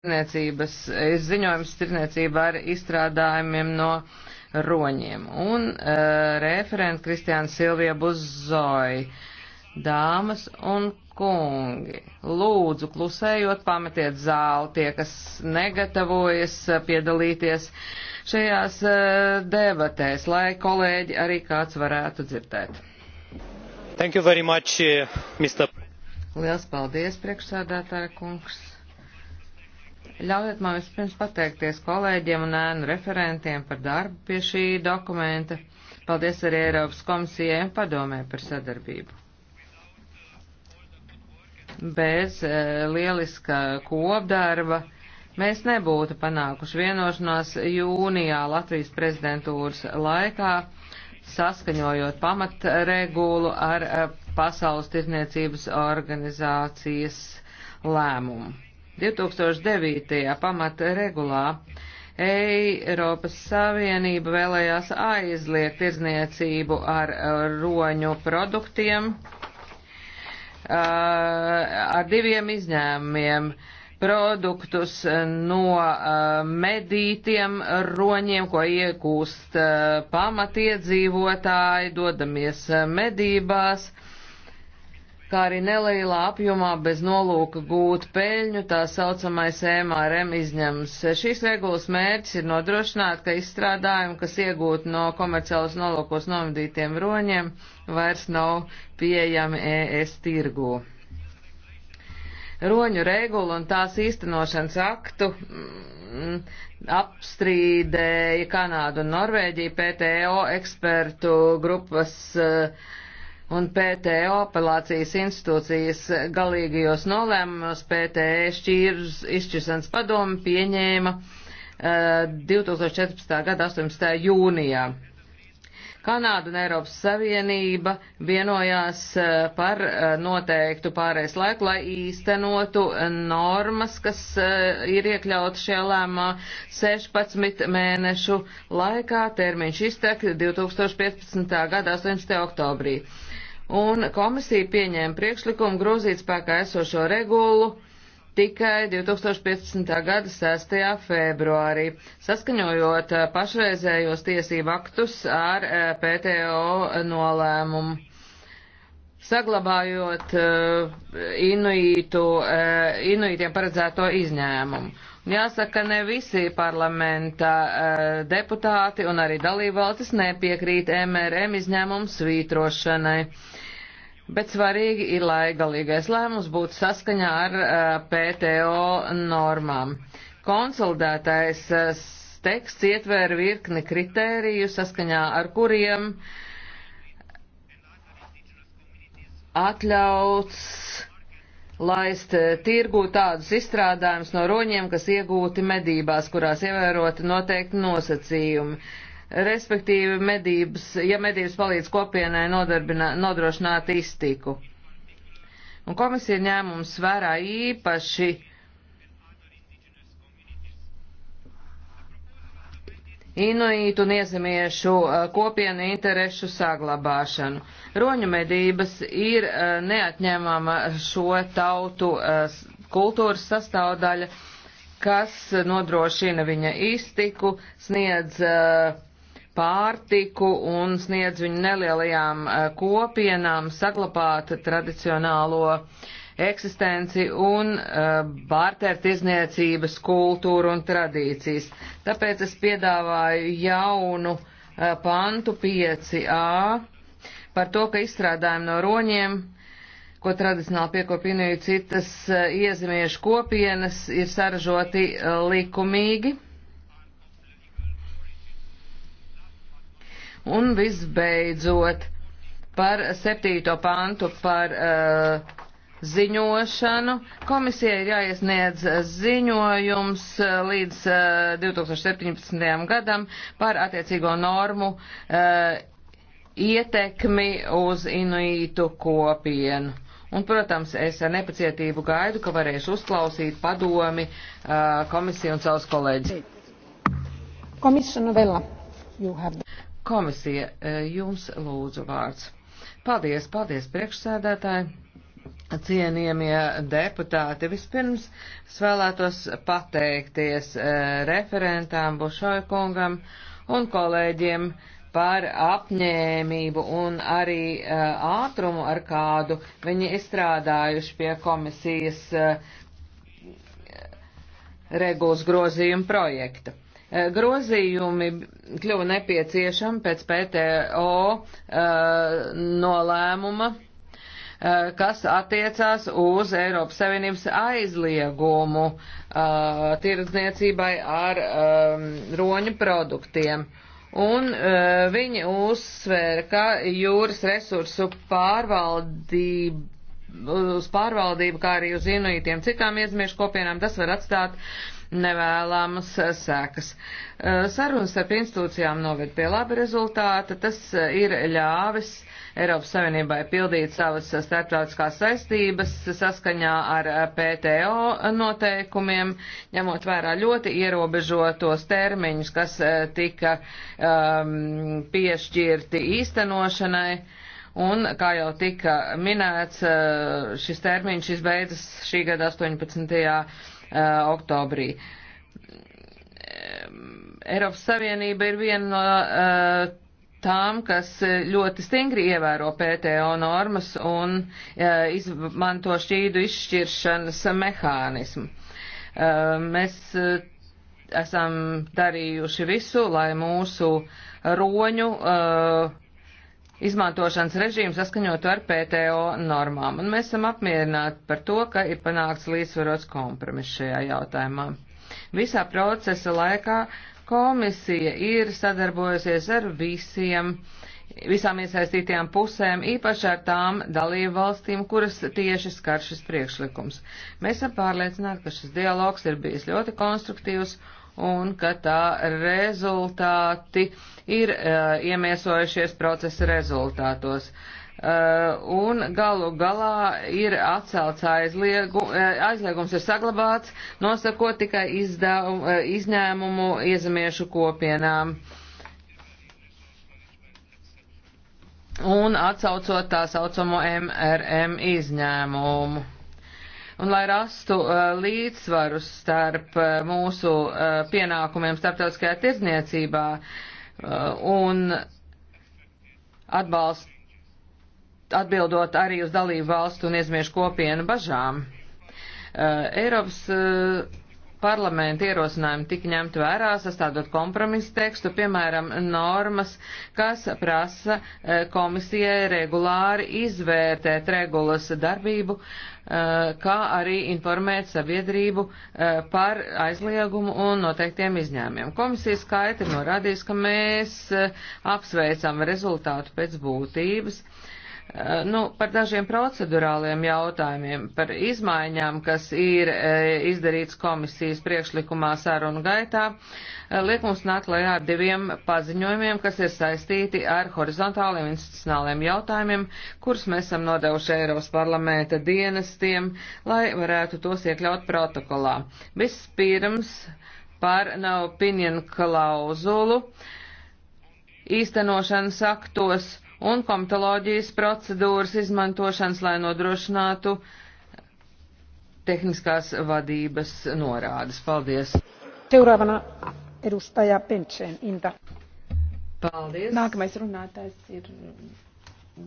tirniecības, ziņojums tirniecībā ar izstrādājumiem no roņiem. Un uh, referents Kristiāns Silvija Buzoji. Dāmas un kungi, lūdzu klusējot pametiet zāli tie, kas negatavojas uh, piedalīties šajās uh, debatēs, lai kolēģi arī kāds varētu dzirdēt. Thank you very much, uh, Mr. Liels paldies, priekšsādātāja kungs. Ļaujiet man vispirms pateikties kolēģiem un ēnu referentiem par darbu pie šī dokumenta. Paldies arī Eiropas komisijai un padomē par sadarbību. Bez e, lieliska kopdarba mēs nebūtu panākuši vienošanos jūnijā Latvijas prezidentūras laikā, saskaņojot pamatregulu ar e, Pasaules tirzniecības organizācijas lēmumu. 2009. pamata regulā Eiropas Savienība vēlējās aizliegt tirdzniecību ar uh, roņu produktiem uh, ar diviem izņēmumiem produktus no uh, medītiem roņiem, ko iegūst pamatiedzīvotāji, dodamies medībās kā arī nelielā apjomā bez nolūka gūt peļņu, tā saucamais MRM izņems. Šīs regulas mērķis ir nodrošināt, ka izstrādājumi, kas iegūti no komerciālas nolūkos novadītiem roņiem, vairs nav pieejami ES tirgū. Roņu regulu un tās īstenošanas aktu mm, apstrīdēja Kanādu un Norvēģiju PTO ekspertu grupas uh, un PTO apelācijas institūcijas galīgajos nolēmumos PTE šķirs, izšķiršanas padomu pieņēma uh, eh, 2014. gada 18. jūnijā. Kanāda un Eiropas Savienība vienojās uh, par uh, noteiktu pārējais laiku, lai īstenotu normas, kas ir iekļautas šajā lēmā 16 mēnešu laikā, termiņš iztek 2015. gada 18. oktobrī un komisija pieņēma priekšlikumu grozīt spēkā esošo regulu tikai 2015. gada 6. februārī, saskaņojot eh, pašreizējos tiesību aktus ar eh, PTO nolēmumu. Saglabājot inuītu, eh, inuītiem paredzēto izņēmumu. Jāsaka, ne visi parlamenta deputāti un arī dalībvalstis nepiekrīt MRM izņēmumu svītrošanai bet svarīgi ir, lai galīgais lēmums būtu saskaņā ar PTO normām. Konsolidētais teksts ietvēra virkni kritēriju, saskaņā ar kuriem atļauts laist tirgū tādus izstrādājumus no roņiem, kas iegūti medībās, kurās ievēroti noteikti nosacījumi respektīvi medības, ja medības palīdz kopienai nodrošināt iztiku. Un komisija ņēmums vērā īpaši inuītu un iezemiešu uh, kopienu interešu saglabāšanu. Roņu medības ir uh, neatņemama šo tautu uh, kultūras sastāvdaļa, kas nodrošina viņa iztiku, sniedz uh, pārtiku un sniedz viņu nelielajām eh, kopienām saglabāt tradicionālo eksistenci un eh, bārtērt izniecības kultūru un tradīcijas. Tāpēc es piedāvāju jaunu eh, pantu 5a par to, ka izstrādājumi no roņiem ko tradicionāli piekopinīja citas iezemiešu kopienas, ir saražoti likumīgi Un visbeidzot, par septīto pantu par uh, ziņošanu. Komisijai ir jāiesniedz ziņojums uh, līdz uh, 2017. gadam par attiecīgo normu uh, ietekmi uz inuītu kopienu. Un, protams, es ar nepacietību gaidu, ka varēšu uzklausīt padomi uh, komisiju un savus kolēģus. Komisija Novella, you have the... Komisija, e, jums lūdzu vārds. Paldies, paldies priekšsēdētāji. Cienījamie deputāti, vispirms es vēlētos pateikties e, referentām Bušoja kungam un kolēģiem par apņēmību un arī e, ātrumu, ar kādu viņi izstrādājuši pie komisijas regulas grozījuma projekta. Eh, grozījumi kļuva nepieciešami pēc PTO eh, nolēmuma eh, kas attiecās uz Eiropas Savienības aizliegumu uh, tirdzniecībai ar um, roņu produktiem. Un uh, viņi uzsvēra, ka jūras resursu pārvaldība uz pārvaldību, kā arī uz inuitiem citām iezmiešu kopienām, tas var atstāt uh, nevēlamas eh, sekas. Eh, sarunas ar institūcijām noved pie laba rezultāta. Tas eh, ir ļāvis Eiropas Savienībai pildīt savas starptautiskās saistības saskaņā ar PTO noteikumiem, ņemot vērā ļoti ierobežotos termiņus, kas tika um, piešķirti īstenošanai. Un, kā jau tika minēts, šis termiņš izbeidzas šī gada 18 Uh, oktobrī. Eiropas Savienība ir viena no uh, tām, kas ļoti stingri ievēro PTO normas un uh, izmanto šķīdu izšķiršanas mehānismu. Mēs esam darījuši visu, lai mūsu roņu uh, izmantošanas režīmu saskaņotu ar PTO normām, un mēs esam apmierināti par to, ka ir panākts līdzsvarots kompromiss šajā jautājumā. Visā procesa laikā komisija ir sadarbojusies ar visiem, visām iesaistītajām pusēm, īpaši ar tām dalību valstīm, kuras tieši skar šis priekšlikums. Mēs esam pārliecināti, ka šis dialogs ir bijis ļoti konstruktīvs un ka tā rezultāti ir uh, iemiesojušies procesa rezultātos. Uh, un galu galā ir atcelts aizliegu, aizliegums, ir saglabāts, nosakot tikai izdevum, izņēmumu iezemiešu kopienām. Un atsaucot tā saucamo MRM izņēmumu. Un lai rastu uh, līdzsvaru starp uh, mūsu uh, pienākumiem starptautiskajā tirdzniecībā un atbalst, atbildot arī uz dalību valstu un iezmiešu kopienu bažām. Eiropas parlamenta ierosinājumi tika ņemti vērā, sastādot kompromisu tekstu, piemēram, normas, kas prasa e, komisijai regulāri izvērtēt regulas darbību, e, kā arī informēt sabiedrību e, par aizliegumu un noteiktiem izņēmiem. Komisija skaidri norādījusi, ka mēs apsveicam rezultātu pēc būtības. Uh, Eh, nu, par dažiem procedurāliem jautājumiem, par izmaiņām, kas ir eh, izdarīts komisijas priekšlikumā sarunu gaitā, eh, liek mums nākt lejā ar diviem paziņojumiem, kas ir saistīti ar horizontāliem institucionāliem jautājumiem, kurus mēs esam nodevuši Eiropas parlamenta dienestiem, lai varētu tos iekļaut protokolā. Vispirms par nav opinion klauzulu īstenošanas aktos un komitoloģijas procedūras izmantošanas, lai nodrošinātu tehniskās vadības norādes. Paldies! Seuraavana edustaja Bensen, Inta. Paldies. Nākamais runātājs ir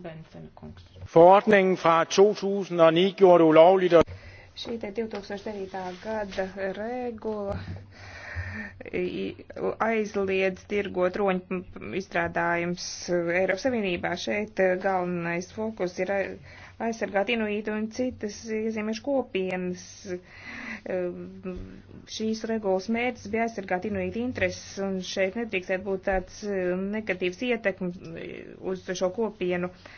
Bensen kungs. Forordningen fra 2009 gjorde ulovligt. Šī te 2009. gada regula aizliedz tirgot roņu izstrādājums Eiropas Savienībā. Šeit eh, galvenais fokus ir aizsargāt inuītu un citas iezīmēšu kopienas. Eh, šīs regulas mērķis bija aizsargāt inuītu intereses, un šeit nedrīkstētu būt tāds eh, negatīvs ietekmi uz šo kopienu. Uh,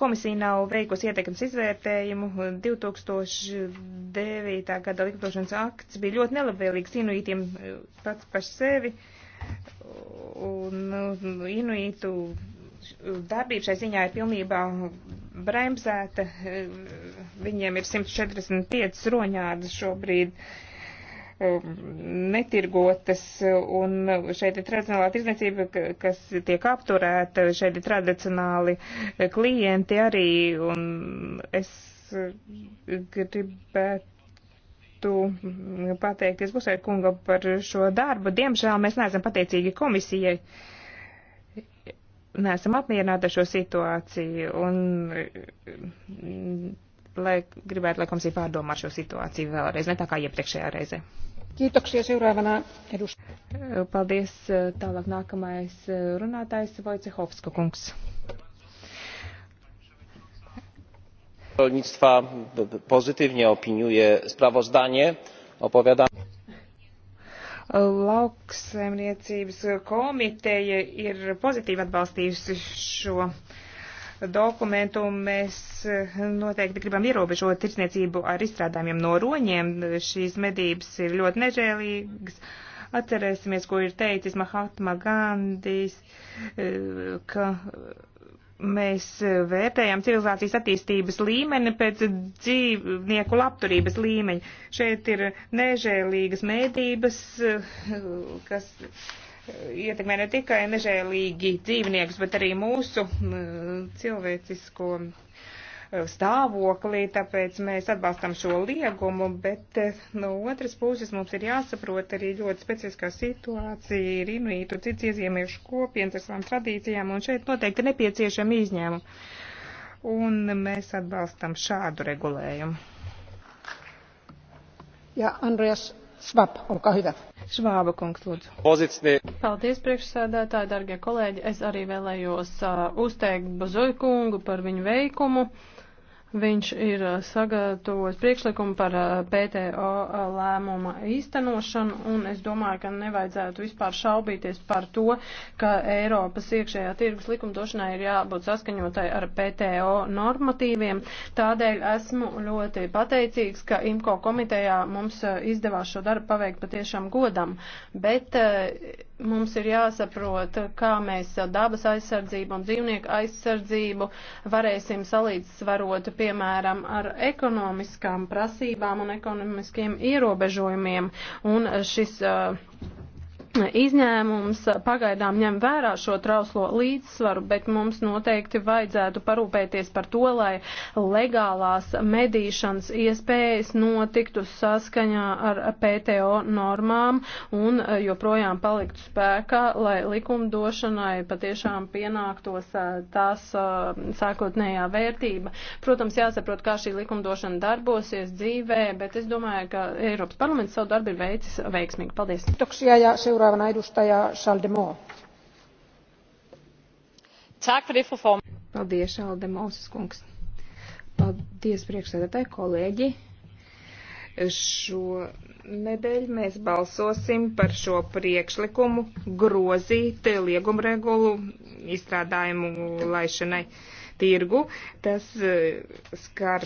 Komisija nav veikusi ietekmes izvērtējumu. 2009. gada likumdošanas akts bija ļoti nelabvēlīgs inuitiem e, pats par sevi. Un nu, inuitu darbība šai ziņā ir pilnībā bremzēta. E, Viņiem ir 145 roņādas šobrīd. Uh, netirgotas, un šeit ir tradicionālā tirdzniecība, kas tiek apturēta, šeit ir tradicionāli klienti arī, un es gribētu pateikties Busai kungam par šo darbu. Diemžēl mēs neesam pateicīgi komisijai neesam apmierināti ar šo situāciju un lai gribētu, lai komisija pārdomā šo situāciju vēlreiz, ne tā kā iepriekšējā reizē. Paldies. Tālāk nākamais runātājs Vojcehovska kungs. rolnictwa pozytywnie opiniuje sprawozdanie opowiadam Lauksaimniecības komiteja ir pozitīvi atbalstījusi šo dokumentu mēs eh, noteikti gribam ierobežot tirsniecību ar izstrādājumiem no roņiem. Šīs medības ir ļoti nežēlīgas. Atcerēsimies, ko ir teicis Mahatma Gandhis, eh, ka mēs vērtējam civilizācijas attīstības līmeni pēc dzīvnieku labturības līmeņa. Šeit ir nežēlīgas mēdības, eh, kas ietekmē ne tikai nežēlīgi dzīvniekus, bet arī mūsu cilvēcisko stāvoklī, tāpēc mēs atbalstam šo liegumu, bet eh, no otras puses mums ir jāsaprot arī ļoti specifiskā situācija, ir inuītu cits iezīmiešu kopienas ar savām tradīcijām, un šeit noteikti nepieciešami izņēmumi. Un mēs atbalstam šādu regulējumu. Ja, Andreas Svab, olkaa hyvä. Švāba kungs, lūdzu. Pozicnie. Paldies, priekšsēdētāji, dargie kolēģi. Es arī vēlējos uh, uzteikt Bazoju kungu par viņu veikumu. Uh, Viņš ir sagatavojis priekšlikumu par PTO lēmuma īstenošanu, un es domāju, ka nevajadzētu vispār šaubīties par to, ka Eiropas iekšējā tirgus likumdošanai ir jābūt saskaņotai ar PTO normatīviem. Tādēļ esmu ļoti pateicīgs, ka IMCO komitejā mums izdevās šo darbu paveikt patiešām godam. Bet, mums ir jāsaprot, kā mēs dabas aizsardzību un dzīvnieku aizsardzību varēsim salīdzsvarot, piemēram, ar ekonomiskām prasībām un ekonomiskiem ierobežojumiem. Un šis uh, Izņēmums pagaidām ņem vērā šo trauslo līdzsvaru, bet mums noteikti vajadzētu parūpēties par to, lai legālās medīšanas iespējas notiktu saskaņā ar PTO normām un eh, joprojām paliktu spēkā, lai likumdošanai patiešām pienāktos eh, tās eh, sākotnējā vērtība. Protams, jāsaprot, kā šī likumdošana darbosies dzīvē, bet es domāju, ka Eiropas parlaments savu darbu ir veicis veiksmīgi. Paldies! Tokšajā, Paldies, Alde Mausas kungs. Paldies, priekšsēdētāji, kolēģi. Šo nedēļu mēs balsosim par šo priekšlikumu grozīt liegumregulu izstrādājumu laišanai tirgu. Tas eh, skar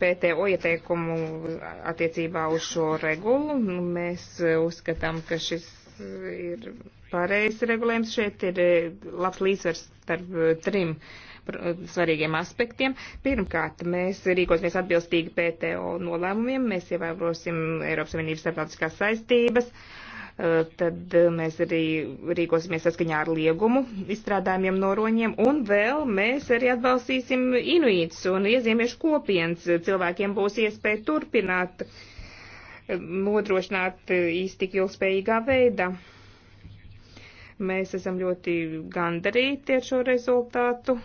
PTO ieteikumu attiecībā uz šo regulu. Mēs eh, uzskatām, ka šis ir pareizs regulējums. Šeit ir e, labs līdzsvars starp e, trim e, svarīgiem aspektiem. Pirmkārt, mēs rīkosimies atbilstīgi PTO nolēmumiem, mēs ievērosim Eiropas Savienības starptautiskās saistības, tad mēs arī rīkosimies saskaņā ar liegumu izstrādājumiem noroņiem, un vēl mēs arī atbalstīsim inuītus un ieziemešu kopienas. Cilvēkiem būs iespēja turpināt uh, nodrošināt eh, īsti tik ilgspējīgā veidā. Mēs esam ļoti gandarīti ar šo rezultātu.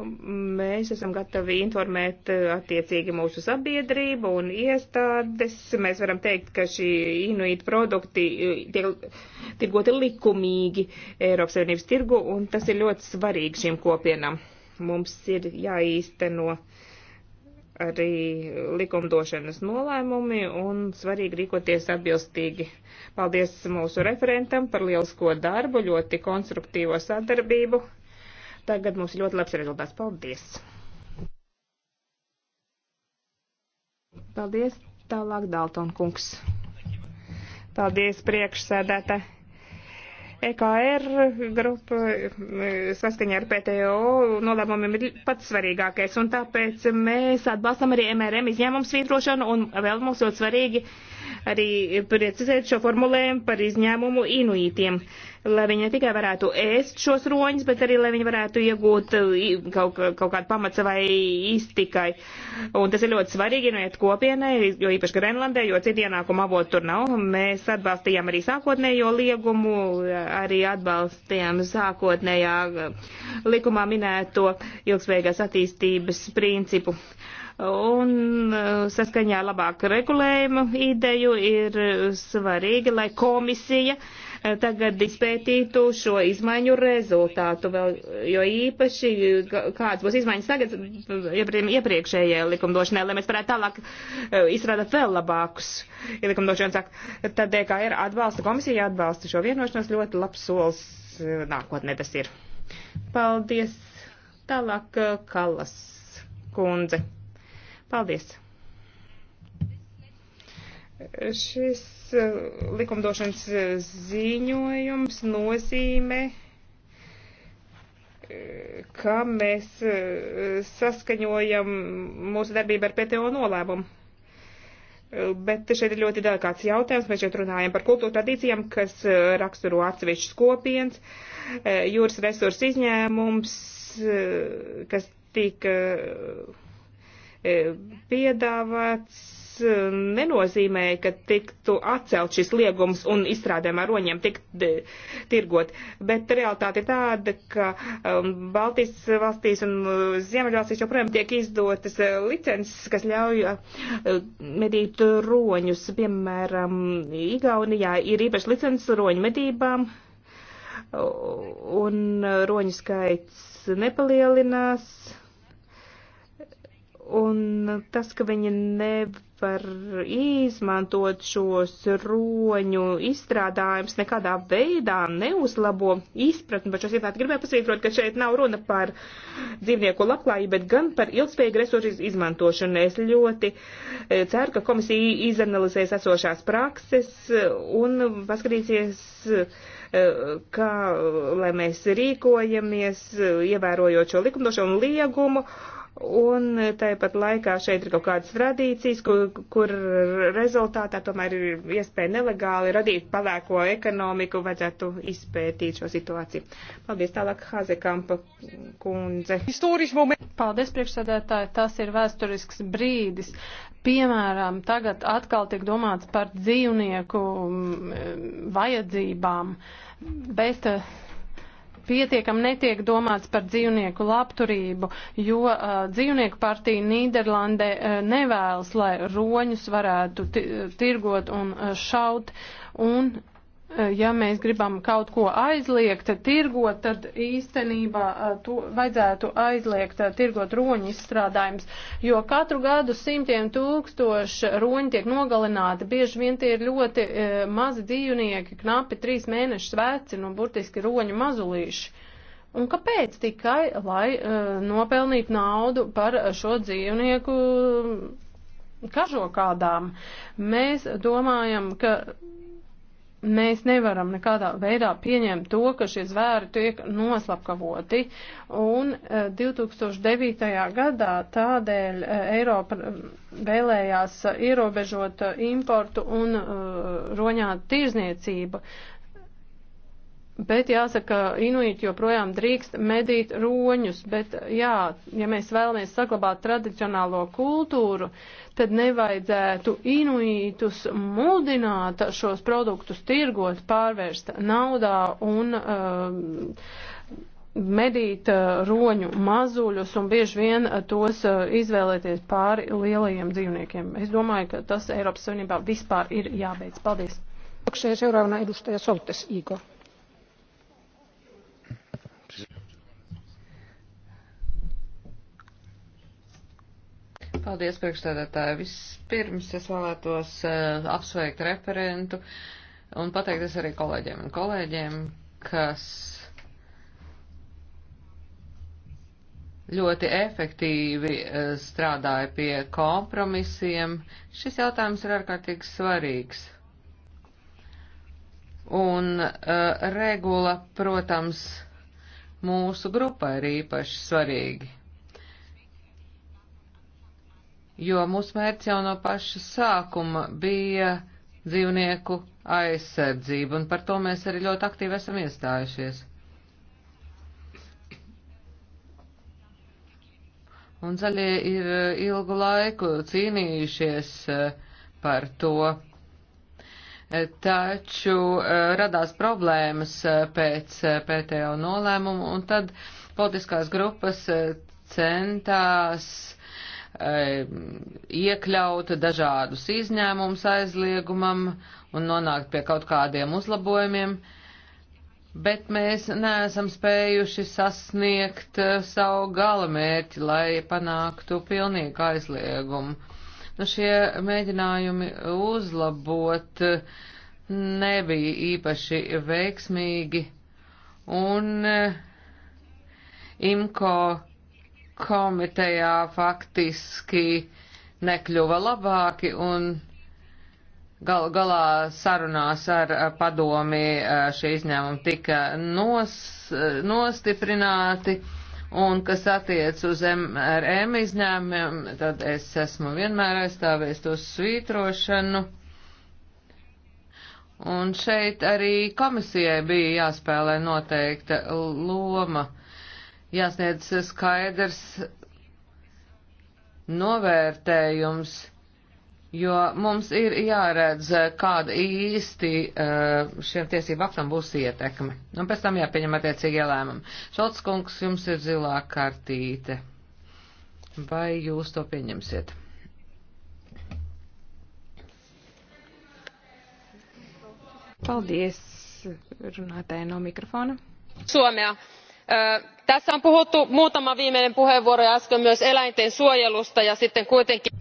Mēs esam gatavi informēt eh, attiecīgi mūsu sabiedrību un iestādes. Mēs varam teikt, ka šī inuīta produkti eh, tiek tirgoti likumīgi Eiropas Savienības tirgu, un tas ir ļoti svarīgi šīm kopienām. Mums ir jāīsteno. No arī likumdošanas nolēmumi un svarīgi rīkoties atbilstīgi. Paldies mūsu referentam par lielisko darbu, ļoti konstruktīvo sadarbību. Tagad mums ir ļoti labs rezultāts. Paldies! Paldies! Tālāk Dalton kungs. Paldies priekšsēdētāji! EKR grupa e, saskaņā ar PTO nolēmumiem ir pats svarīgākais, un tāpēc mēs atbalstam arī MRM izņēmumu svītrošanu, un vēl mums ļoti svarīgi arī precizēt šo formulējumu par izņēmumu inuītiem lai viņi ne tikai varētu ēst šos roņus, bet arī, lai viņi varētu iegūt kaut, kaut kādu pamatu savai iztikai. Un tas ir ļoti svarīgi, noiet kopienai, jo īpaši Grenlandē, jo citu ienākumu avotu tur nav. Mēs atbalstījām arī sākotnējo liegumu, arī atbalstījām sākotnējā eh, likumā minēto ilgspējīgās attīstības principu. Un eh, saskaņā labāk regulējumu ideju ir eh, svarīgi, lai komisija uh, Eh, tagad izpētītu šo izmaiņu rezultātu, vēl, jo īpaši kāds būs izmaiņas tagad iepriekšējai likumdošanai, lai mēs varētu tālāk eh, izstrādāt vēl labākus likumdošanas aktus. Tad DKR e atbalsta komisija, atbalsta šo vienošanos, ļoti labs solis eh, nākotnē tas ir. Paldies! Tālāk Kalas kundze. Paldies! Šis eh, likumdošanas eh, ziņojums nozīmē, eh, ka mēs saskaņojam mūsu darbību ar PTO nolēmumu. Bet šeit ir ļoti delikāts jautājums. Mēs šeit runājam par kultūra tradīcijām, kas raksturo atsevišķas kopienas, jūras resursu izņēmums, kas tika piedāvāts nenozīmē, ka tiktu atcelt šis liegums un izstrādēm ar roņiem tikt tirgot, bet realitāte ir tāda, ka um, Baltijas valstīs un uh, Ziemeļvalstīs joprojām tiek izdotas uh, licences, kas ļauj uh, medīt roņus. Piemēram, Igaunijā ir īpaši licences roņu medībām, un roņu skaits nepalielinās un tas, ka viņi nev nevar izmantot šos roņu izstrādājumus nekādā veidā, neuzlabo izpratni par šo situāciju. Gribēju pasvītrot, ka šeit nav runa par dzīvnieku labklājību, bet gan par ilgspējīgu resursu izmantošanu. Es ļoti e, ceru, ka komisija izanalizēs esošās prakses e, un paskatīsies e, kā, lai mēs rīkojamies, ievērojot šo likumdošanu liegumu Un tāpat laikā šeit ir kaut kādas tradīcijas, kur, kur rezultātā tomēr ir iespēja nelegāli radīt palēko ekonomiku, vajadzētu izpētīt šo situāciju. Paldies tālāk Hazekampa kundze. Paldies priekšsēdētāji, tas ir vēsturisks brīdis. Piemēram, tagad atkal tiek domāts par dzīvnieku mm, vajadzībām, bet pietiekam netiek domāts par dzīvnieku labturību, jo uh, dzīvnieku partija Nīderlandē uh, nevēlas, lai roņus varētu tirgot un uh, šaut. Un Eh, ja mēs gribam kaut ko aizliegt, tirgot, tad īstenībā eh, to vajadzētu aizliegt, eh, tirgot roņu izstrādājums, jo katru gadu simtiem tūkstoši roņi tiek nogalināti, bieži vien tie ir ļoti e, mazi dzīvnieki, knapi trīs mēnešus veci, nu burtiski roņu mazulīši. Un kāpēc tikai, lai e, nopelnītu naudu par šo dzīvnieku kažokādām? Mēs domājam, ka Mēs nevaram nekādā veidā pieņemt to, ka šie zvēri tiek noslapkavoti, un 2009. E, gadā tādēļ e, Eiropa vēlējās e, ierobežot importu un roņāt tirzniecību. Bet jāsaka, inuīti joprojām drīkst medīt roņus, bet jā, ja mēs vēlamies saglabāt tradicionālo kultūru, tad nevajadzētu inuītus mudināt šos produktus tirgot, pārvērst naudā un uh, medīt uh, roņu mazuļus un bieži vien uh, tos uh, izvēlēties pāri lielajiem dzīvniekiem. Es domāju, ka tas Eiropas Savienībā vispār ir jābeidz. Paldies! Seuraavana edustaja Soltes Igor. Paldies, priekšstādātāji. Vispirms es vēlētos uh, apsveikt referentu un pateikties arī kolēģiem un kolēģiem, kas ļoti efektīvi uh, strādāja pie kompromisiem. Šis jautājums ir ārkārtīgi svarīgs. Un uh, regula, protams, mūsu grupai ir īpaši svarīgi jo mūsu mērķis jau no paša sākuma bija dzīvnieku aizsardzība, un par to mēs arī ļoti aktīvi esam iestājušies. Un zaļie ir eh, ilgu laiku cīnījušies eh, par to, eh, taču radās problēmas pēc PTO nolēmumu, un tad politiskās grupas centās iekļaut dažādus izņēmumus aizliegumam un nonākt pie kaut kādiem uzlabojumiem, bet mēs neesam spējuši sasniegt eh, savu galamērķi, lai panāktu pilnīgu aizliegumu. Nu, šie mēģinājumi uzlabot eh, nebija īpaši veiksmīgi, un eh, IMCO komitejā faktiski nekļuva labāki un gal, galā sarunās ar padomi šie izņēmumi tika nos, nostiprināti. Un kas attiec uz MRM izņēmumiem, tad es esmu vienmēr aizstāvējis to svītrošanu. Un šeit arī komisijai bija jāspēlē noteikta loma jāsniedz skaidrs novērtējums, jo mums ir jāredz, kāda īsti eh, šiem tiesību aktam būs ietekme. Un pēc tam jāpieņem attiecīgi lēmumi. Šalts kungs, jums ir zilā kartīte. Vai jūs to pieņemsiet? Paldies runātājai no mikrofona. Somijā. Uh tässä on puhuttu muutama viimeinen puheenvuoro ja äsken myös eläinten suojelusta ja sitten kuitenkin.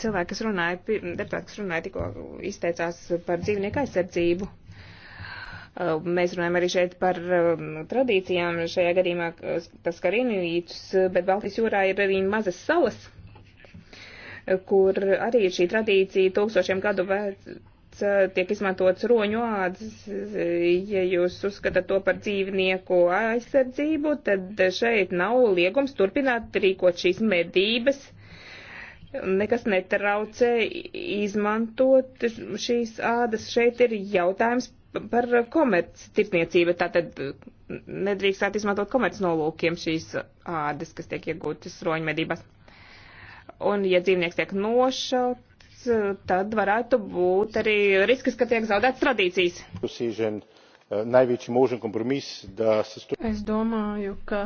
Cilvēks runāja, deputāts runāja tikko izteicās par dzīvnieku aizsardzību. Uh, mēs runājam arī šeit par um, tradīcijām, šajā gadījumā uh, tas skar inuītus, bet Baltijas jūrā ir arī mazas salas, uh, kur arī ir šī tradīcija tūkstošiem gadu vēc Eh, tiek izmantots roņu ādas. Ja jūs uzskatāt to par dzīvnieku aizsardzību, tad šeit nav liegums turpināt rīkot šīs medības. Nekas netraucē izmantot šīs ādas. Šeit ir jautājums par komerc tirtniecību. Tātad nedrīkstāt izmantot komerc nolūkiem šīs ādas, kas tiek iegūtas roņu medībās. Un ja dzīvnieks tiek nošaut, tad varētu būt arī risks, ka tiek zaudēts tradīcijas. Eh, es domāju, ka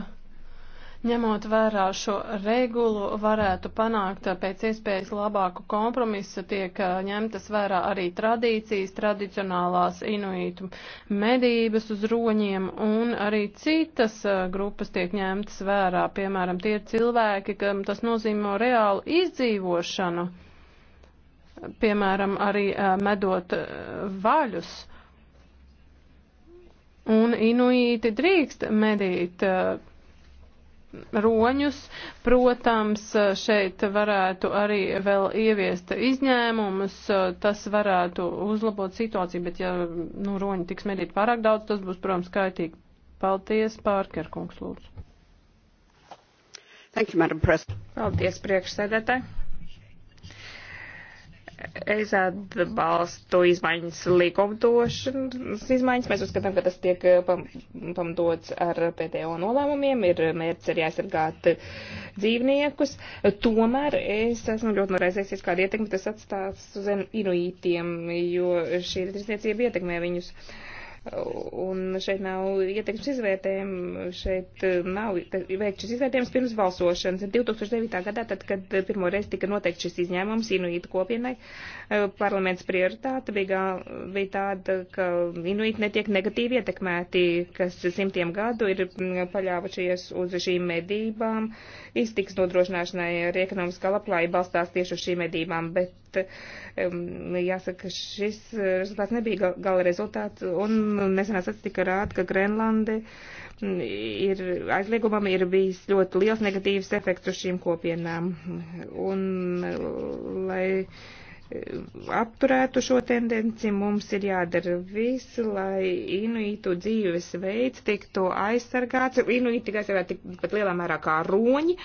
ņemot vērā šo regulu, varētu panākt eh, pēc iespējas labāku kompromisu, tiek eh, ņemtas vērā arī tradīcijas, tradicionālās inuītu medības uz roņiem un arī citas grupas tiek ņemtas vērā, piemēram, tie cilvēki, kam tas nozīmē reālu izdzīvošanu piemēram, arī medot vaļus. Un inuīti drīkst medīt roņus. Protams, šeit varētu arī vēl ieviest izņēmumus, tas varētu uzlabot situāciju, bet ja nu, roņi tiks medīt pārāk daudz, tas būs, protams, kaitīgi. Paldies, Pārkerkungs, lūdzu. Thank you, Madam President. Paldies, priekšsēdētāji. Es atbalstu izmaiņas likumdošanas izmaiņas. Mēs uzskatām, ka tas tiek eh, pam pamatots ar PTO nolēmumiem, ir mērķis arī aizsargāt dzīvniekus. Tomēr es esmu ļoti noraizējusies, kāda ietekme tas atstās uz inuītiem, jo šī tirsniecība ietekmē viņus. Uh, Un šeit nav ietekmes izvērtējumu, šeit eh, nav veikts šis izvērtējums pirms balsošanas. 2009. gadā, tad, kad pirmo reizi tika noteikts šis izņēmums inuītu kopienai, eh, parlaments prioritāte bija, bija tāda, ka inuīti netiek negatīvi ietekmēti, kas simtiem gadu ir mm, paļāvušies uz šīm medībām, iztiks nodrošināšanai ar ekonomiskā labklājību balstās tieši uz šīm medībām, bet jāsaka, šis rezultāts nebija gala rezultāts, un nesenā statistika rāda, ka Grenlande ir aizliegumam ir bijis ļoti liels negatīvs efekts uz šīm kopienām. Un, lai, apturētu šo tendenci, mums ir jādara viss, lai inuitu dzīves veids tiktu aizsargāts. Inuiti tikai aizsargāti tik pat lielā mērā kā roņi,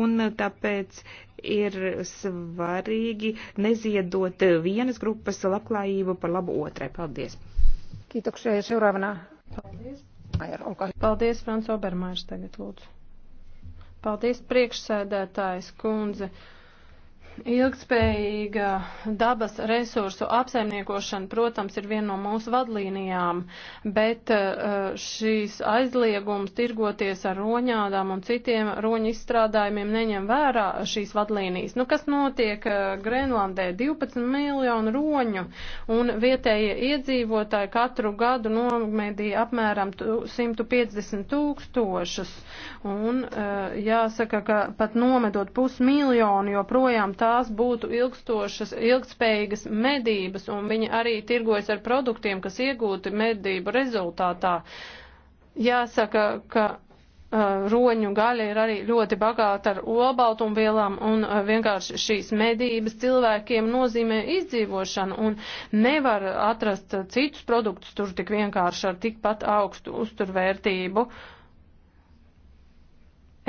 un tāpēc ir svarīgi neziedot vienas grupas labklājību par labu otrai. Paldies! Kiitoksia ja seuraavana. Paldies. Paldies, Frans Obermairs, tagad lūdzu. Paldies, priekšsēdētājs kundze. Ilgspējīga dabas resursu apsaimniekošana, protams, ir viena no mūsu vadlīnijām, bet eh, šīs aizliegums tirgoties ar roņādām un citiem roņu izstrādājumiem neņem vērā šīs vadlīnijas. Nu, kas notiek eh, Grenlandē? 12 miljonu roņu un vietējie iedzīvotāji katru gadu nomedīja apmēram 150 tūkstošus. Un eh, jāsaka, ka pat nomedot pusmiljonu joprojām tā tās būtu ilgstošas, ilgspējīgas medības, un viņi arī tirgojas ar produktiem, kas iegūti medību rezultātā. Jāsaka, ka uh, roņu gaļa ir arī ļoti bagāta ar olbaltumvielām, un uh, vienkārši šīs medības cilvēkiem nozīmē izdzīvošanu, un nevar atrast citus produktus tur tik vienkārši ar tikpat augstu uzturvērtību. Uh,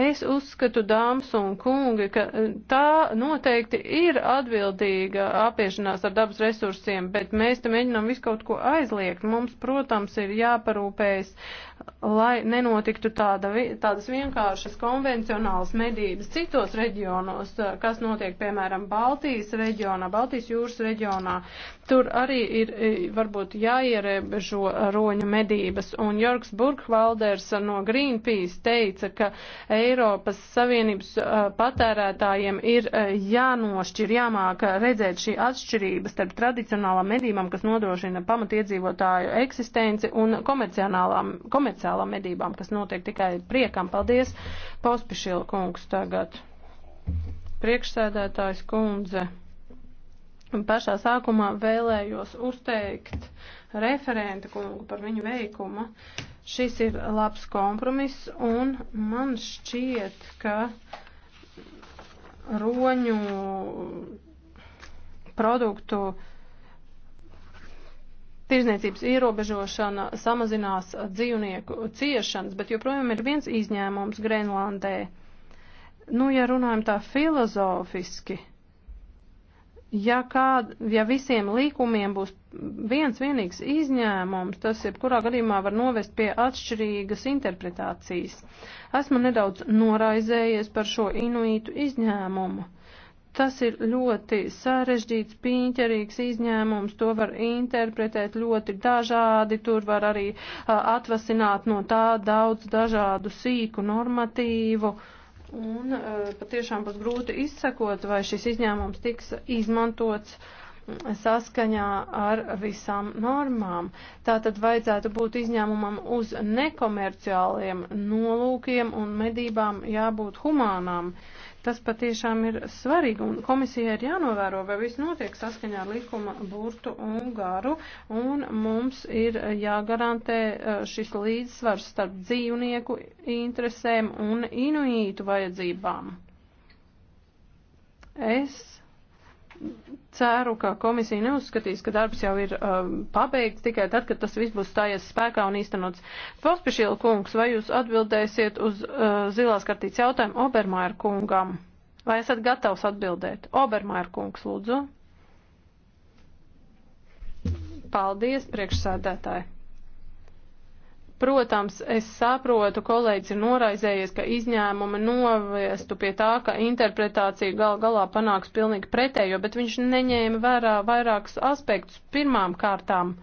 Es uzskatu, dāmas un kungi, ka eh, tā noteikti ir atbildīga apiešanās ar dabas resursiem, bet mēs te mēģinām visu kaut ko aizliegt. Mums, protams, ir jāparūpējas lai nenotiktu tāda, tādas vienkāršas konvencionālas medības citos reģionos, eh, kas notiek, piemēram, Baltijas reģionā, Baltijas jūras reģionā. Tur arī ir varbūt jāierebežo roņu medības. Un Jorgs Burkhvalders no Greenpeace teica, ka Eiropas Savienības eh, patērētājiem ir eh, jānošķir, jāmāk redzēt šī atšķirība starp tradicionālām medībām, kas nodrošina pamatiedzīvotāju eksistenci un komerciālām. Komer komerciālām medībām, kas notiek tikai priekam. Paldies, Pauspišila kungs tagad. Priekšsēdētājs kundze. Pašā sākumā vēlējos uzteikt referenta kungu par viņu veikumu. Šis ir labs kompromiss un man šķiet, ka roņu produktu uh, tirzniecības ierobežošana samazinās dzīvnieku ciešanas, bet joprojām ir viens izņēmums Grenlandē. Nu, ja runājam tā filozofiski, ja, kād, ja visiem līkumiem būs viens vienīgs izņēmums, tas jebkurā gadījumā var novest pie atšķirīgas interpretācijas. Esmu nedaudz noraizējies par šo inuītu izņēmumu. Tas ir ļoti sarežģīts, piņķerīgs izņēmums, to var interpretēt ļoti dažādi, tur var arī atvasināt no tā daudz dažādu sīku normatīvu. Un patiešām būs grūti izsakot, vai šis izņēmums tiks izmantots uh, saskaņā ar visām normām. Tātad vajadzētu būt izņēmumam uz nekomerciāliem nolūkiem un medībām jābūt humānām. Tas patiešām ir svarīgi, un komisijai ir jānovēro, vai viss notiek saskaņā ar likuma burtu un garu, un mums ir jāgarantē e, šis līdzsvars starp dzīvnieku interesēm un inuītu vajadzībām. Es ceru, ka komisija neuzskatīs, ka darbs jau ir um, pabeigts tikai tad, kad tas viss būs stājies spēkā un īstenots. Pospišiela kungs, vai jūs atbildēsiet uz uh, zilās kartītes jautājumu Obermaier kungam? Vai esat gatavs atbildēt? Obermaier kungs, lūdzu. Paldies, priekšsēdētāji. Protams, es saprotu, kolēģis ir noraizējies, ka izņēmuma noviestu pie tā, ka interpretācija gal galā panāks pilnīgi pretējo, bet viņš neņēma vērā vairākus aspektus. Pirmām kārtām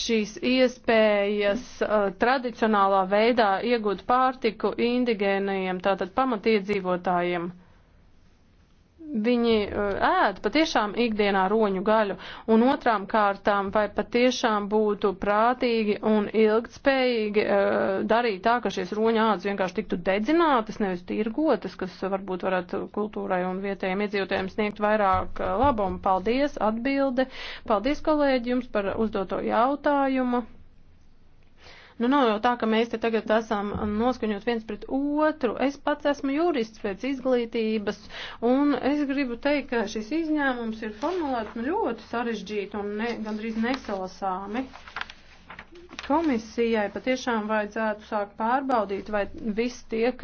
šīs iespējas uh, tradicionālā veidā iegūt pārtiku indigēnajiem, tātad pamatiedzīvotājiem. Uh, viņi e, ēd patiešām ikdienā roņu gaļu, un otrām kārtām, vai patiešām būtu prātīgi un ilgtspējīgi e, darīt tā, ka šīs roņu ādas vienkārši tiktu dedzinātas, nevis tirgotas, kas varbūt varētu kultūrai un vietējiem iedzīvotājiem sniegt vairāk e, labumu. Paldies, atbilde. Paldies, kolēģi, jums par uzdoto jautājumu. Nu, nav jau tā, ka mēs te tagad esam noskaņot viens pret otru. Es pats esmu jurists pēc izglītības, un es gribu teikt, ka šis izņēmums ir formulēts nu, ļoti sarežģīti un ne, gandrīz nesalasāmi komisijai patiešām vajadzētu sākt pārbaudīt, vai viss tiek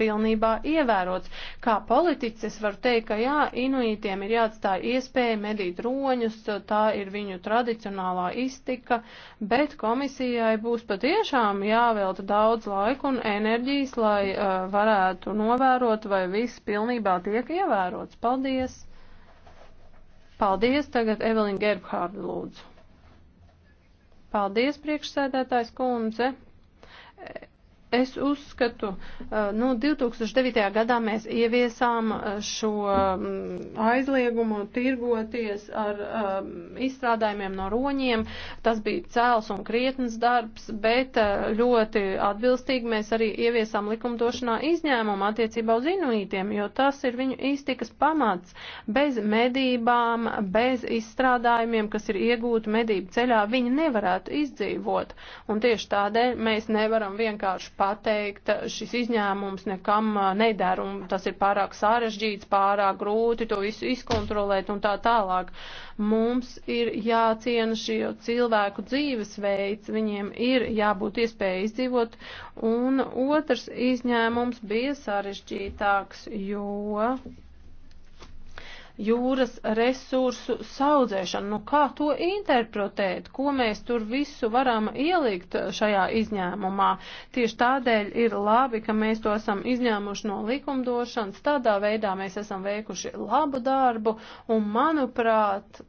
pilnībā ievērots. Kā politiķis es varu teikt, ka jā, inuītiem ir jāatstāj iespēja medīt roņus, tā ir viņu tradicionālā iztika, bet komisijai būs patiešām jāvelta daudz laika un enerģijas, lai uh, varētu novērot, vai viss pilnībā tiek ievērots. Paldies! Paldies, tagad Evelina Gerbhārda lūdzu. Paldies, priekšsēdētājs kundze. Es uzskatu, eh, nu, 2009. gadā mēs ieviesām eh, šo mm, aizliegumu tirgoties ar um, izstrādājumiem no roņiem. Tas bija cēls un krietnes darbs, bet ļoti atbilstīgi mēs arī ieviesām likumdošanā izņēmumu attiecībā uz inuītiem, jo tas ir viņu īstikas pamats. Bez medībām, bez izstrādājumiem, kas ir iegūti medību ceļā, viņi nevarētu izdzīvot. Un tieši tādēļ mēs nevaram vienkārši pateikt, šis izņēmums nekam neder un tas ir pārāk sarežģīts, pārāk grūti to visu izkontrolēt un tā tālāk. Mums ir jāciena šī cilvēku dzīvesveids, viņiem ir jābūt iespēja izdzīvot un otrs izņēmums bija sarežģītāks, jo jūras resursu saudzēšanu. Nu, kā to interpretēt? Ko mēs tur visu varam ielikt šajā izņēmumā? Tieši tādēļ ir labi, ka mēs to esam izņēmuši no likumdošanas. Tādā veidā mēs esam veikuši labu darbu un, manuprāt,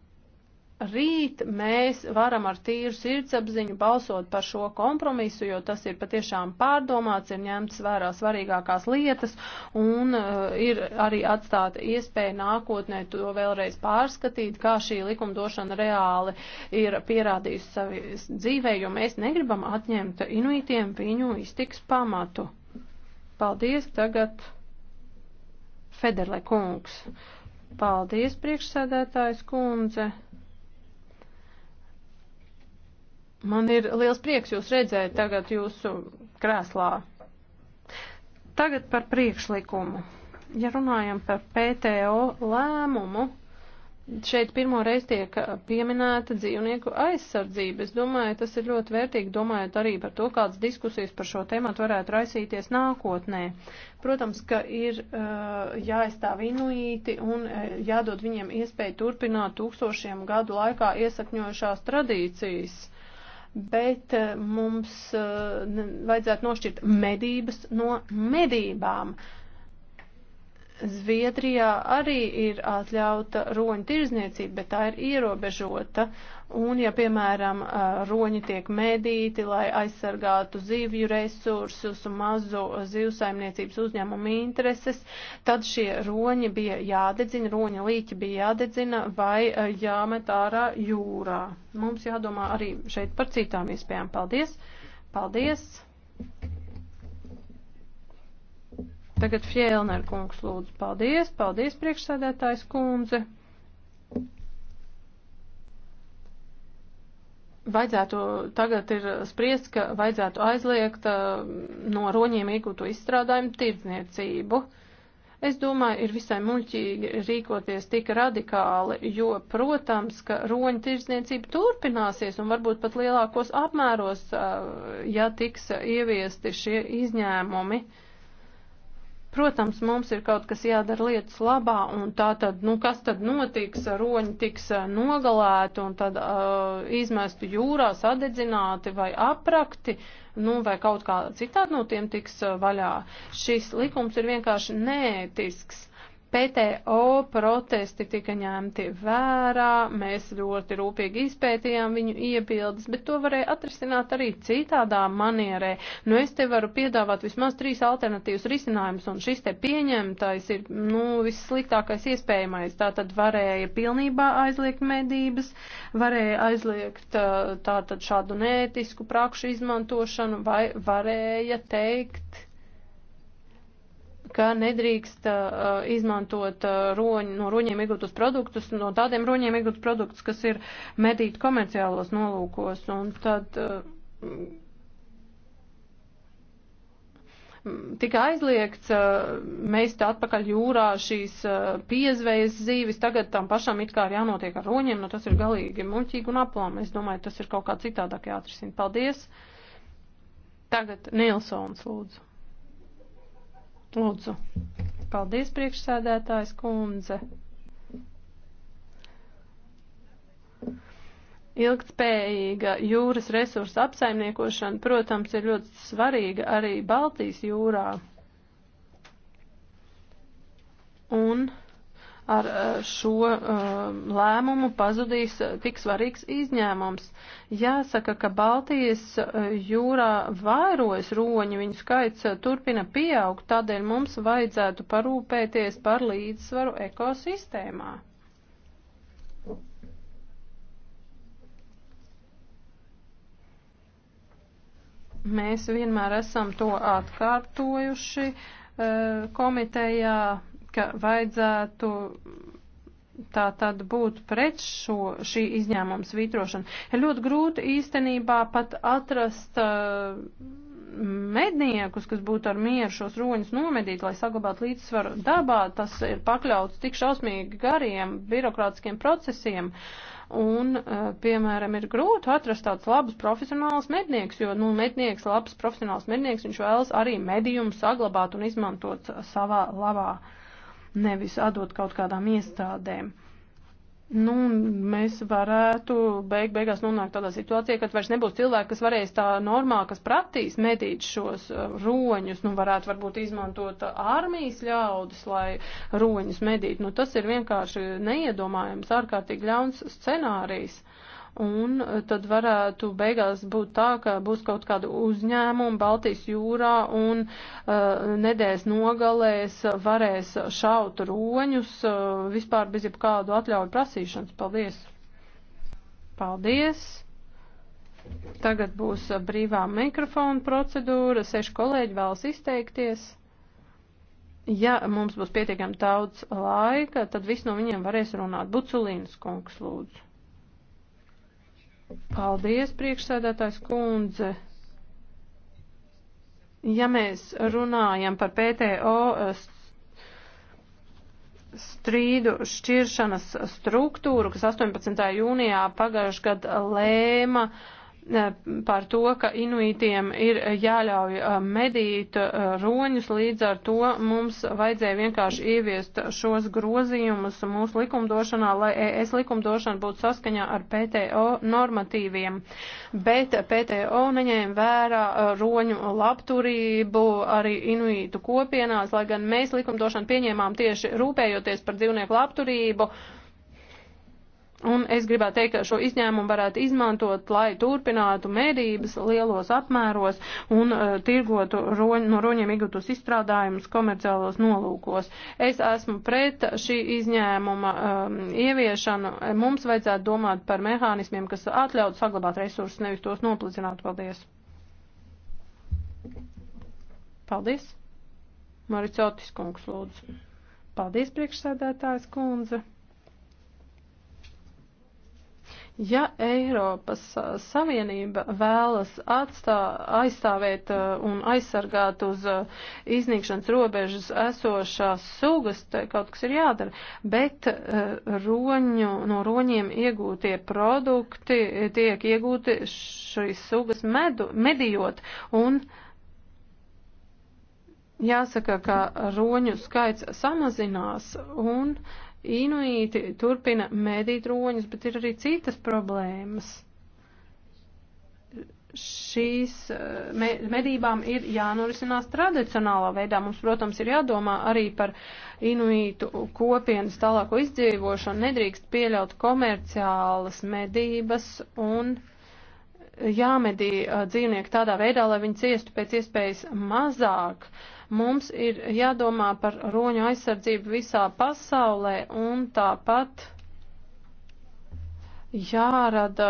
rīt mēs varam ar tīru sirdsapziņu balsot par šo kompromisu, jo tas ir patiešām pārdomāts, ir ņemts vērā svarīgākās lietas un uh, ir arī atstāta iespēja nākotnē to vēlreiz pārskatīt, kā šī likumdošana reāli ir pierādījusi savi dzīvē, jo mēs negribam atņemt inuitiem viņu iztiks pamatu. Paldies tagad Federle kungs. Paldies, priekšsēdētājs kundze. Man ir liels prieks jūs redzēt tagad jūsu krēslā. Tagad par priekšlikumu. Ja runājam par PTO lēmumu, šeit pirmo reizi tiek pieminēta dzīvnieku aizsardzība. Es domāju, tas ir ļoti vērtīgi, domājot arī par to, kādas diskusijas par šo tēmatu varētu raisīties nākotnē. Protams, ka ir uh, jāaizstāv inuīti un uh, jādod viņiem iespēju turpināt tūkstošiem gadu laikā iesakņojušās tradīcijas. Uh, bet eh, mums eh, vajadzētu nošķirt medības no medībām. Uh, Zviedrijā arī ir atļauta roņu tirzniecība, bet tā ir ierobežota. Un, ja, piemēram, roņi tiek mēdīti, lai aizsargātu zivju resursus un mazu zivsaimniecības uzņēmumu intereses, tad šie roņi bija jādedzina, roņa līķi bija jādedzina vai jāmet ārā jūrā. Mums jādomā arī šeit par citām iespējām. Paldies! Paldies! Tagad Fjēlner kungs lūdzu. Paldies, paldies priekšsēdētājs kundze. Vajadzētu, tagad ir spriest, ka vajadzētu aizliegt uh, no roņiem iegūto izstrādājumu tirdzniecību. Es domāju, ir visai muļķīgi rīkoties tik radikāli, jo, protams, ka roņu tirdzniecība turpināsies un varbūt pat lielākos apmēros, uh, ja tiks ieviesti šie izņēmumi. Uh, Protams, mums ir kaut kas jādara lietas labā, un tā tad, nu, kas tad notiks, roņi tiks eh, nogalēti un tad uh, izmestu jūrā, sadedzināti vai aprakti, nu, vai kaut kā citādi no tiem tiks eh, vaļā. Šis likums ir vienkārši nētisks PTO protesti tika ņemti vērā, mēs ļoti rūpīgi izpētījām viņu iebildes, bet to varēja atrisināt arī citādā manierē. Nu, es te varu piedāvāt vismaz trīs alternatīvas risinājumus, un šis te pieņemtais ir, nu, vissliktākais iespējamais. Tā tad varēja pilnībā aizliegt medības, varēja aizliegt tā tad šādu nētisku prakšu izmantošanu, vai varēja teikt, ka nedrīkst uh, izmantot uh, roņ, no roņiem iegūtus produktus, no tādiem roņiem iegūtus produktus, kas ir medīti komerciālos nolūkos. Un tad uh, tika aizliegts uh, meist atpakaļ jūrā šīs uh, piezvejas zīvis, tagad tam pašam it kā ir jānotiek ar roņiem, nu tas ir galīgi muļķīgi un aplām. Es domāju, tas ir kaut kā citādāk jāatrisina. Paldies! Tagad Nilsons lūdzu. Lūdzu. Paldies, priekšsēdētājs kundze. Ilgtspējīga jūras resursa apsaimniekošana, protams, ir ļoti svarīga arī Baltijas jūrā. Un ar eh, šo um, lēmumu pazudīs eh, tik svarīgs izņēmums. Jāsaka, ka Baltijas jūrā vairojas roņi, viņu skaits turpina pieaugt, tādēļ mums vajadzētu parūpēties par līdzsvaru ekosistēmā. Mēs vienmēr esam to atkārtojuši komitejā ka vajadzētu tā tad būt pret šo, šī izņēmuma svītrošanu. Ir ļoti grūti īstenībā pat atrast uh, medniekus, kas būtu ar mieru šos roņus nomedīt, lai saglabātu līdzsvaru dabā. Tas ir pakļauts tik šausmīgi gariem birokrātiskiem procesiem. Un, uh, piemēram, ir grūti atrast tādus labus profesionālus medniekus, jo, nu, mednieks, labs profesionāls mednieks, viņš vēlas arī medijumu saglabāt un izmantot savā labā. Uh, nevis atdot kaut kādām iestādēm. Nu, mēs varētu beig beigās nonākt tādā situācijā, kad vairs nebūs cilvēki, kas varēs tā normāli, kas pratīs medīt šos uh, roņus, nu, varētu varbūt izmantot uh, armijas ļaudis, lai roņus medīt. Nu, tas ir vienkārši neiedomājams, ārkārtīgi ļauns scenārijs. Uh, un e, tad varētu beigās būt tā, ka būs kaut kāda uzņēmuma Baltijas jūrā un uh, nedēļas nogalēs varēs šaut roņus uh, vispār bez jebkādu atļauju prasīšanas. Paldies! Paldies! Tagad būs brīvā mikrofona procedūra. Seši kolēģi vēlas izteikties. Ja mums būs pietiekami daudz laika, tad viss no viņiem varēs runāt. Buculīnas kungs, lūdzu. Paldies, priekšsēdētājs kundze. Ja mēs runājam par PTO strīdu šķiršanas struktūru, kas 18. jūnijā pagājušajā gadā lēma uh, par to, ka inuitiem ir jāļauj uh, medīt uh, roņus, līdz ar to mums vajadzēja vienkārši ieviest šos grozījumus mūsu likumdošanā, lai ES likumdošana būtu saskaņā ar PTO normatīviem. Bet PTO neņēma vērā uh, roņu labturību arī inuitu kopienās, lai gan mēs likumdošanu pieņēmām tieši rūpējoties par dzīvnieku labturību. Uh, Un es gribētu teikt, ka šo izņēmumu varētu izmantot, lai turpinātu mērības lielos apmēros un uh, tirgotu roņ, no roņiem iegūtus izstrādājumus komerciālos nolūkos. Es esmu pret šī izņēmuma um, ieviešanu. Mums vajadzētu domāt par mehānismiem, kas atļautu saglabāt resursus, nevis tos noplicināt. Paldies! Paldies! Maricotis kungs lūdzu. Paldies, priekšsēdētājs kundze! Ja Eiropas Savienība vēlas atstā, aizstāvēt un aizsargāt uz iznīkšanas robežas esošās sugas, te kaut kas ir jādara, bet roņu, no roņiem iegūtie produkti e, tiek iegūti šīs sugas medu, medijot un jāsaka, ka roņu skaits samazinās un uh, Inuīti turpina medīt roņus, bet ir arī citas problēmas šīs eh, me, medībām ir jānorisinās tradicionālā veidā. Mums, protams, ir jādomā arī par inuītu kopienas tālāko izdzīvošanu. Nedrīkst pieļaut komerciālas medības un jāmedī eh, dzīvnieki tādā veidā, lai viņi ciestu pēc iespējas mazāk. Uh, Mums ir jādomā par roņu aizsardzību visā pasaulē un tāpat jārada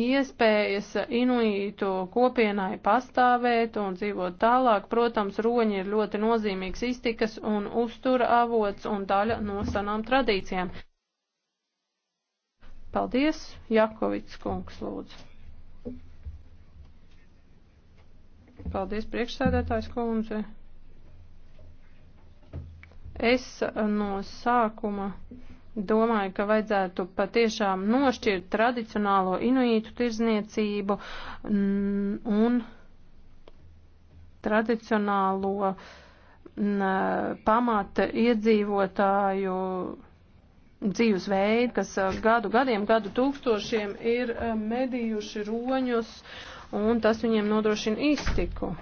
iespējas inuītu kopienai pastāvēt un dzīvot tālāk. Protams, roņi ir ļoti nozīmīgs iztikas un uztura avots un daļa no sanām tradīcijām. Paldies, Jakovits kungs, lūdzu. Paldies, priekšsēdētājs kundze. Es no sākuma domāju, ka vajadzētu patiešām nošķirt tradicionālo inuītu tirzniecību mm, un tradicionālo mm, pamata iedzīvotāju dzīvesveidu, kas gadu gadiem, gadu tūkstošiem ir eh, medījuši roņus un tas viņiem nodrošina iztiku.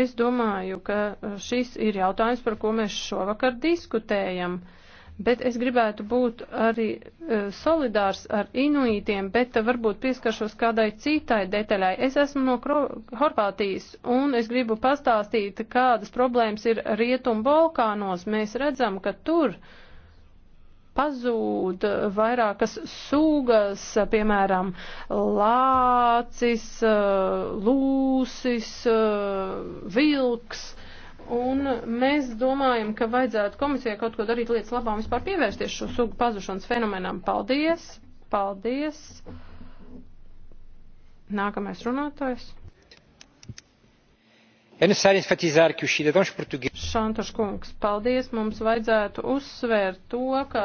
Es domāju, ka šis ir jautājums, par ko mēs šovakar diskutējam, bet es gribētu būt arī e, solidārs ar inuītiem, bet varbūt pieskaršos kādai citai detaļai. Es esmu no Kro Horvātijas un es gribu pastāstīt, kādas problēmas ir Rietumbalkānos. Mēs redzam, ka tur uh, pazūd vairākas sūgas, piemēram, lācis, lūsis, vilks. Un mēs domājam, ka vajadzētu komisijai kaut ko darīt lietas labām vispār pievērsties šo sugu pazušanas fenomenam. Paldies! Paldies! Nākamais runātājs. É necessário enfatizar que os cidadãos portugueses. Šantaš kungs, paldies. Mums vajadzētu uzsvērt to, ka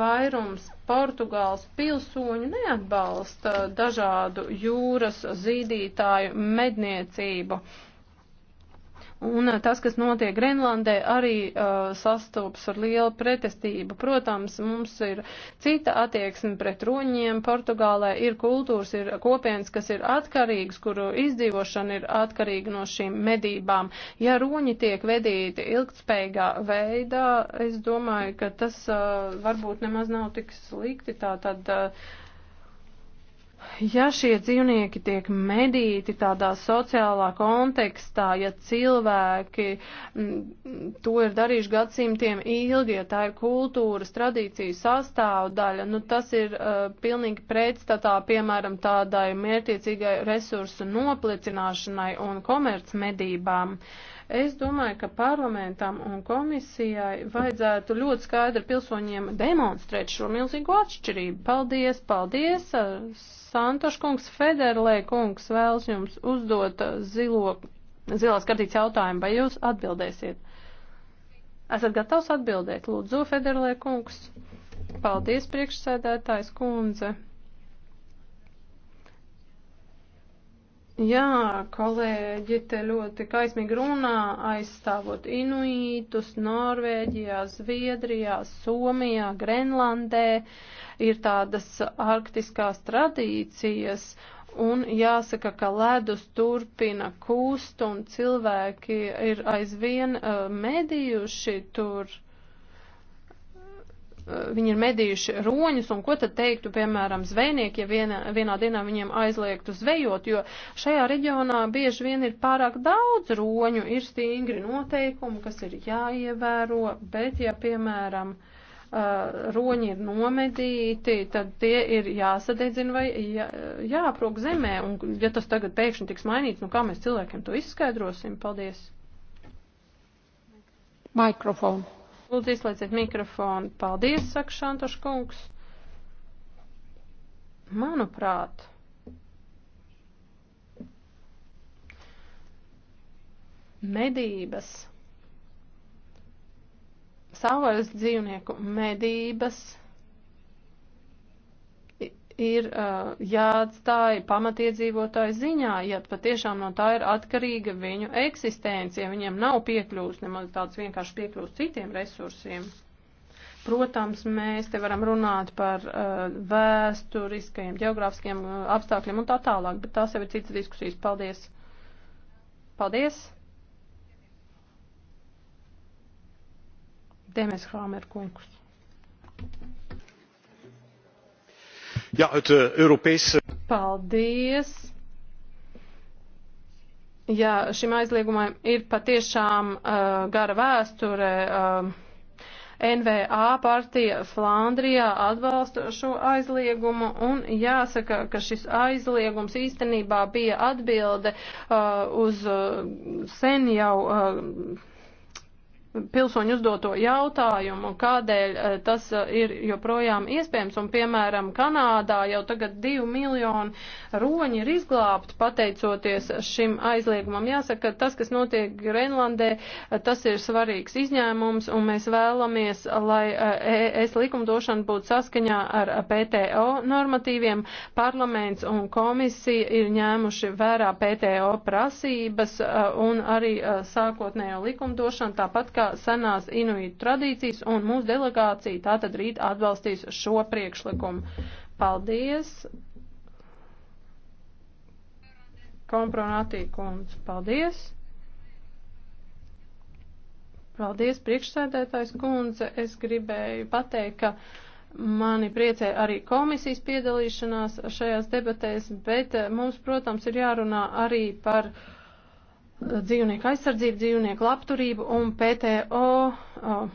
vairums Portugāles pilsoņu neatbalsta dažādu jūras zīdītāju medniecību. Uh, Un eh, tas, kas notiek Grenlandē, arī uh, sastopas ar lielu pretestību. Protams, mums ir cita attieksme pret roņiem. Portugālē ir kultūras, ir kopienas, kas ir atkarīgas, kuru izdzīvošana ir atkarīga no šīm medībām. Ja roņi tiek vedīti ilgtspējīgā veidā, es domāju, ka tas uh, varbūt nemaz nav tik slikti. Tā tad, uh, ja šie dzīvnieki tiek medīti tādā sociālā kontekstā, ja cilvēki m, mm, to ir darījuši gadsimtiem ilgi, ja tā ir kultūras tradīcija sastāvdaļa, nu tas ir uh, pilnīgi pretstatā, piemēram, tādai mērtiecīgai resursu noplicināšanai un komercmedībām. Uh, Es domāju, ka parlamentam un komisijai vajadzētu ļoti skaidri pilsoņiem demonstrēt šo milzīgo atšķirību. Paldies, paldies! Santoš kungs, Federlē kungs vēlas jums uzdot zilo, zilās kartītes jautājumu, vai jūs atbildēsiet? Esat gatavs atbildēt? Lūdzu, Federlē kungs. Paldies, priekšsēdētājs kundze. Jā, kolēģi te ļoti kaismīgi runā, aizstāvot inuītus Norvēģijā, Zviedrijā, Somijā, Grenlandē. Ir tādas arktiskās tradīcijas, un jāsaka, ka ledus turpina kūst, un cilvēki ir aizvien uh, medījuši tur. Eh, viņi ir medījuši roņus, un ko tad teiktu, piemēram, zvejnieki, ja vienā, vienā dienā viņiem aizliegtu zvejot, jo šajā reģionā bieži vien ir pārāk daudz roņu, ir stingri noteikumi, kas ir jāievēro, bet, ja, piemēram, eh, roņi ir nomedīti, tad tie ir jāsadedzina vai jā, jāaprūk zemē, un ja tas tagad pēkšņi tiks mainīts, nu kā mēs cilvēkiem to izskaidrosim? Paldies! Mikrofonu. Lūdzu, izslēdziet mikrofonu. Paldies, saka Šantoš kungs. Manuprāt. Medības. Savvaļas dzīvnieku medības ir uh, jāatstāj pamatiedzīvotāju ziņā, ja patiešām no tā ir atkarīga viņu eksistence, ja viņiem nav piekļūst, nemaz tāds vienkārši piekļūst citiem resursiem. Protams, mēs te varam runāt par uh, vēsturiskajiem, geogrāfiskiem uh, apstākļiem un tā tālāk, bet tās jau ir citas diskusijas. Paldies! Paldies! Demes Hāmer kungs. Ja, het eh, Europese. Eh, Paldies! Jā, šim aizliegumam ir patiešām uh, gara vēsture. Uh, NVA partija Flandrijā atbalsta šo aizliegumu un jāsaka, ka šis aizliegums īstenībā bija atbilde uh, uz uh, sen jau. Uh, pilsoņu uzdoto jautājumu, kādēļ eh, tas eh, ir joprojām iespējams. Un, piemēram, Kanādā jau tagad divi miljoni roņi ir izglābti pateicoties šim aizliegumam. Jāsaka, ka tas, kas notiek Grenlandē, eh, tas ir svarīgs izņēmums, un mēs vēlamies, lai ES e likumdošana būtu saskaņā ar PTO normatīviem. Parlaments un komisija ir ņēmuši vērā PTO prasības un arī sākotnējo likumdošanu, tāpat kā vērā senās inuītu tradīcijas, un mūsu delegācija tātad rīt atbalstīs šo priekšlikumu. Paldies! Kompronātī kundze, paldies! Paldies, priekšsēdētājs kundze. Es gribēju pateikt, ka. Mani priecē arī komisijas piedalīšanās šajās debatēs, bet mums, protams, ir jārunā arī par uh, dzīvnieku aizsardzību, dzīvnieku labturību un PTO. Uh,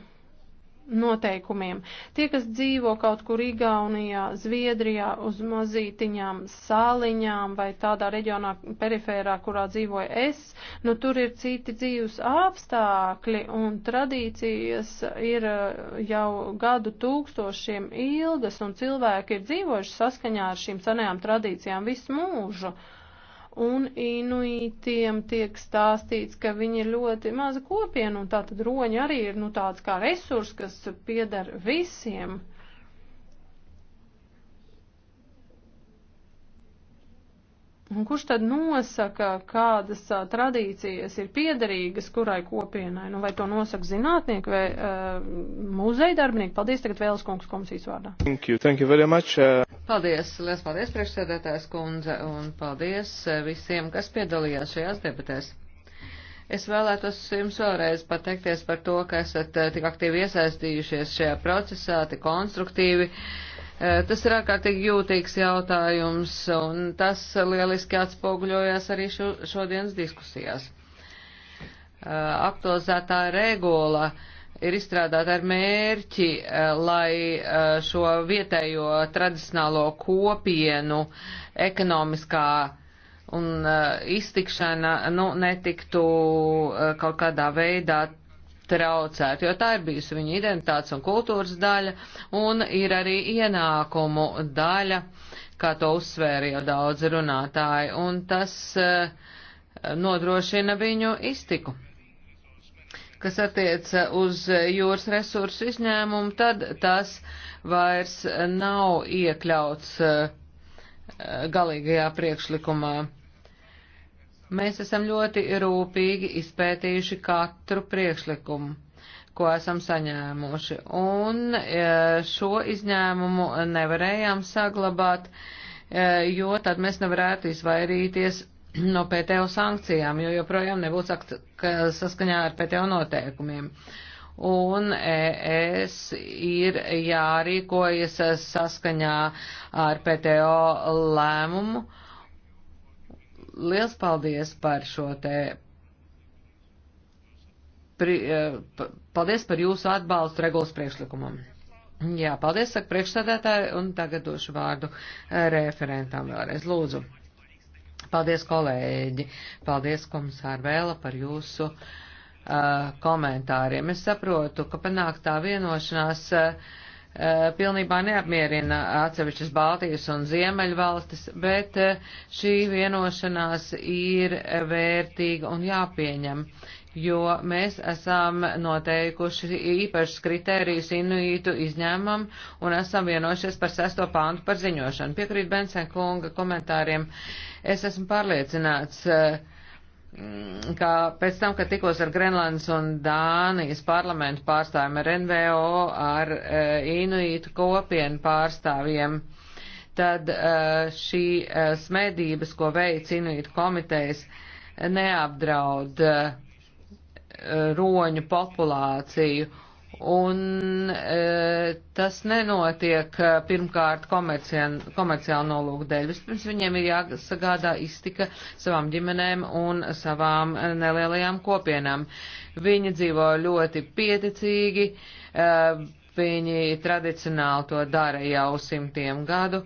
noteikumiem. Tie, kas dzīvo kaut kur Igaunijā, Zviedrijā, uz mazītiņām, sāliņām vai tādā reģionā perifērā, kurā dzīvoju es, nu tur ir citi dzīves apstākļi un tradīcijas ir e, jau gadu tūkstošiem ilgas un cilvēki ir dzīvojuši saskaņā ar šīm senajām tradīcijām visu mūžu. Uh, un inuitiem tiek stāstīts, ka viņi ir ļoti maza kopiena, un tātad roņi arī ir, nu, tāds kā resurs, kas pieder visiem. Uh, Un kurš tad nosaka, kādas a, tradīcijas ir piederīgas kurai kopienai? Nu, vai to nosaka zinātnieki vai uh, muzeja darbinieki? Paldies tagad Vēles kungs komisijas vārdā. Thank you, thank you very much. Uh... Paldies, liels paldies priekšsēdētājs kundze un paldies visiem, kas piedalījās šajās debatēs. Es vēlētos jums vēlreiz pateikties par to, ka esat tik aktīvi iesaistījušies šajā procesā, tik konstruktīvi. Uh, Eh, tas ir ārkārtīgi jūtīgs jautājums, un tas lieliski atspoguļojās arī šo, šodienas diskusijās. Eh, aktualizētā regula ir izstrādāta ar mērķi, eh, lai šo vietējo tradicionālo kopienu ekonomiskā un iztikšana nu, netiktu kaut kādā veidā traucētu, jo tā ir bijusi viņa identitātes un kultūras daļa, un ir arī ienākumu daļa, kā to uzsvēra jau daudzi runātāji, un tas eh, nodrošina viņu iztiku kas attieca uz jūras resursu izņēmumu, tad tas vairs nav iekļauts eh, galīgajā priekšlikumā. Mēs esam ļoti rūpīgi izpētījuši katru priekšlikumu, ko esam saņēmuši, un e, šo izņēmumu nevarējām saglabāt, e, jo tad mēs nevarētu izvairīties no PTO sankcijām, jo joprojām nebūtu saskaņā ar PTO noteikumiem. Un es ir jārīkojas saskaņā ar PTO lēmumu. Uh, Liels paldies par šo te. Pri, eh, paldies par jūsu atbalstu regulas priekšlikumam. Jā, paldies, saka priekšsēdētāji, un tagad došu vārdu eh, referentam vēlreiz. Lūdzu. Paldies, kolēģi. Paldies, komisāra Vēla, par jūsu uh, komentāriem. Es saprotu, ka panāktā vienošanās. Uh, Eh, pilnībā neapmierina atsevišķas Baltijas un Ziemeļvalstis, bet eh, šī vienošanās ir vērtīga un jāpieņem, jo mēs esam noteikuši īpašas kritērijas inuītu izņēmumam un esam vienojušies par sesto pāntu par ziņošanu. Piekrīt Bensen kunga komentāriem. Es esmu pārliecināts, uh, Mm, ka pēc tam, kad tikos ar Grenlandes un Dānijas parlamentu pārstāvjiem, ar NVO, ar uh, Inuitu kopienu pārstāvjiem, tad uh, šī uh, eh, smēdības, ko veic Inuitu komitejas, neapdraud uh, roņu populāciju Un e, tas nenotiek e, pirmkārt komerciāli nolūku dēļ. Vispirms viņiem ir jāsagādā iztika savām ģimenēm un savām e, nelielajām kopienām. Viņi dzīvo ļoti pieticīgi, e, viņi tradicionāli to dara jau simtiem gadu,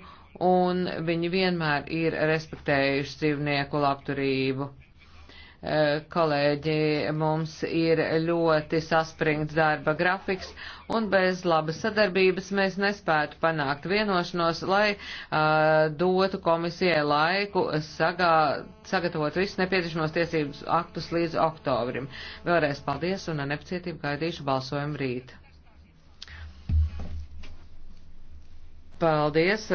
un viņi vienmēr ir respektējuši dzīvnieku labturību. Eh, kolēģi, mums ir ļoti saspringts darba grafiks, un bez labas sadarbības mēs nespētu panākt vienošanos, lai uh, dotu komisijai laiku sagā, sagatavot visus nepieciešamos tiesības aktus līdz oktobrim. Vēlreiz paldies un ar nepacietību gaidīšu balsojumu rīt. Paldies!